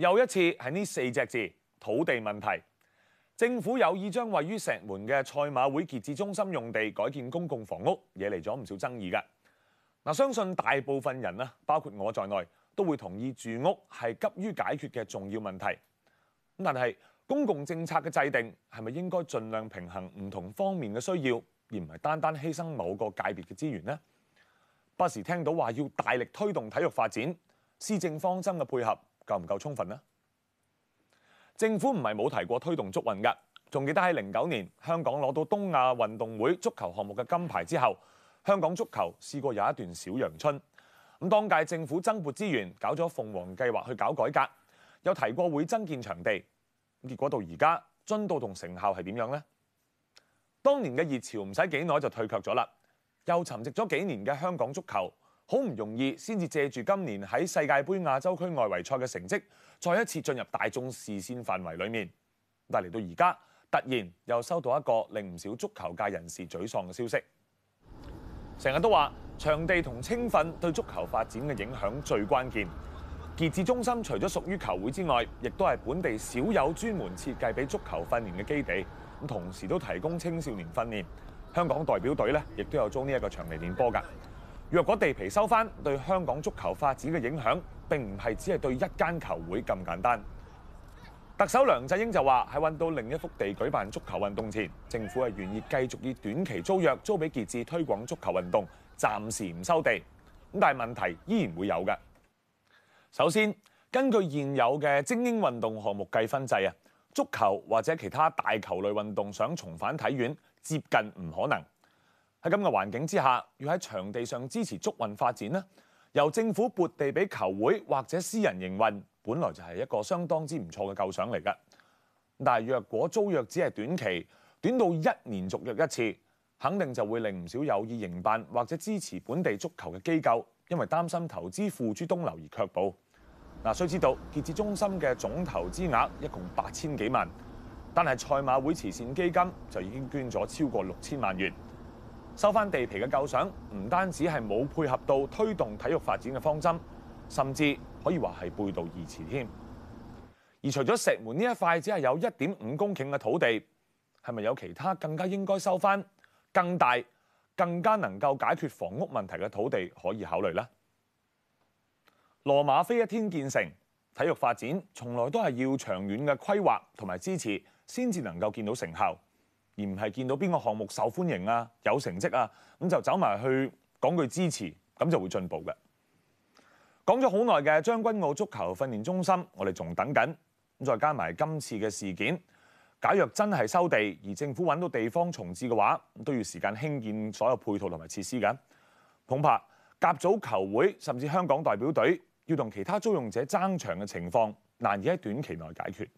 又一次係呢四隻字土地問題，政府有意將位於石門嘅賽馬會傑志中心用地改建公共房屋，惹嚟咗唔少爭議嘅。嗱，相信大部分人啦，包括我在內，都會同意住屋係急於解決嘅重要問題。但係公共政策嘅制定係咪應該盡量平衡唔同方面嘅需要，而唔係單單犧牲某個界別嘅資源呢？不時聽到話要大力推動體育發展，施政方針嘅配合夠唔夠充分呢？政府唔係冇提過推動足運㗎，仲記得喺零九年香港攞到東亞運動會足球項目嘅金牌之後，香港足球試過有一段小陽春。咁當屆政府增撥資源，搞咗鳳凰計劃去搞改革，又提過會增建場地。結果到而家進度同成效係點樣呢？當年嘅熱潮唔使幾耐就退卻咗啦，又沉寂咗幾年嘅香港足球。好唔容易先至借住今年喺世界杯亞洲區外圍賽嘅成績，再一次進入大眾視線範圍裏面。但嚟到而家，突然又收到一個令唔少足球界人士沮喪嘅消息。成日都話場地同青訓對足球發展嘅影響最關鍵。傑志中心除咗屬於球會之外，亦都係本地少有專門設計俾足球訓練嘅基地。咁同時都提供青少年訓練。香港代表隊呢亦都有租呢一個場地練波㗎。若果地皮收翻，對香港足球發展嘅影響並唔係只係對一間球會咁簡單。特首梁振英就話：喺揾到另一幅地舉辦足球運動前，政府係願意繼續以短期租約租俾傑志推廣足球運動，暫時唔收地。咁但係問題依然會有㗎。首先，根據現有嘅精英運動項目計分制啊，足球或者其他大球類運動想重返體院，接近唔可能。喺咁嘅環境之下，要喺場地上支持足運發展呢，由政府撥地俾球會或者私人營運，本來就係一個相當之唔錯嘅構想嚟㗎。但係，若果租約只係短期，短到一年續約一次，肯定就會令唔少有意營辦或者支持本地足球嘅機構，因為擔心投資付諸東流而卻步。嗱，需知道傑志中心嘅總投資額一共八千幾萬，但係賽馬會慈善基金就已經捐咗超過六千萬元。收翻地皮嘅構想，唔單止係冇配合到推動體育發展嘅方針，甚至可以話係背道而馳添。而除咗石門呢一塊，只係有一點五公頃嘅土地，係咪有其他更加應該收翻、更大、更加能夠解決房屋問題嘅土地可以考慮呢？羅馬非一天建成，體育發展從來都係要長遠嘅規劃同埋支持，先至能夠見到成效。而唔係見到邊個項目受歡迎啊、有成績啊，咁就走埋去講句支持，咁就會進步嘅。講咗好耐嘅將軍澳足球訓練中心，我哋仲等緊。咁再加埋今次嘅事件，假若真係收地而政府揾到地方重置嘅話，都要時間興建所有配套同埋設施嘅。恐怕甲組球會甚至香港代表隊要同其他租用者爭場嘅情況，難以喺短期內解決。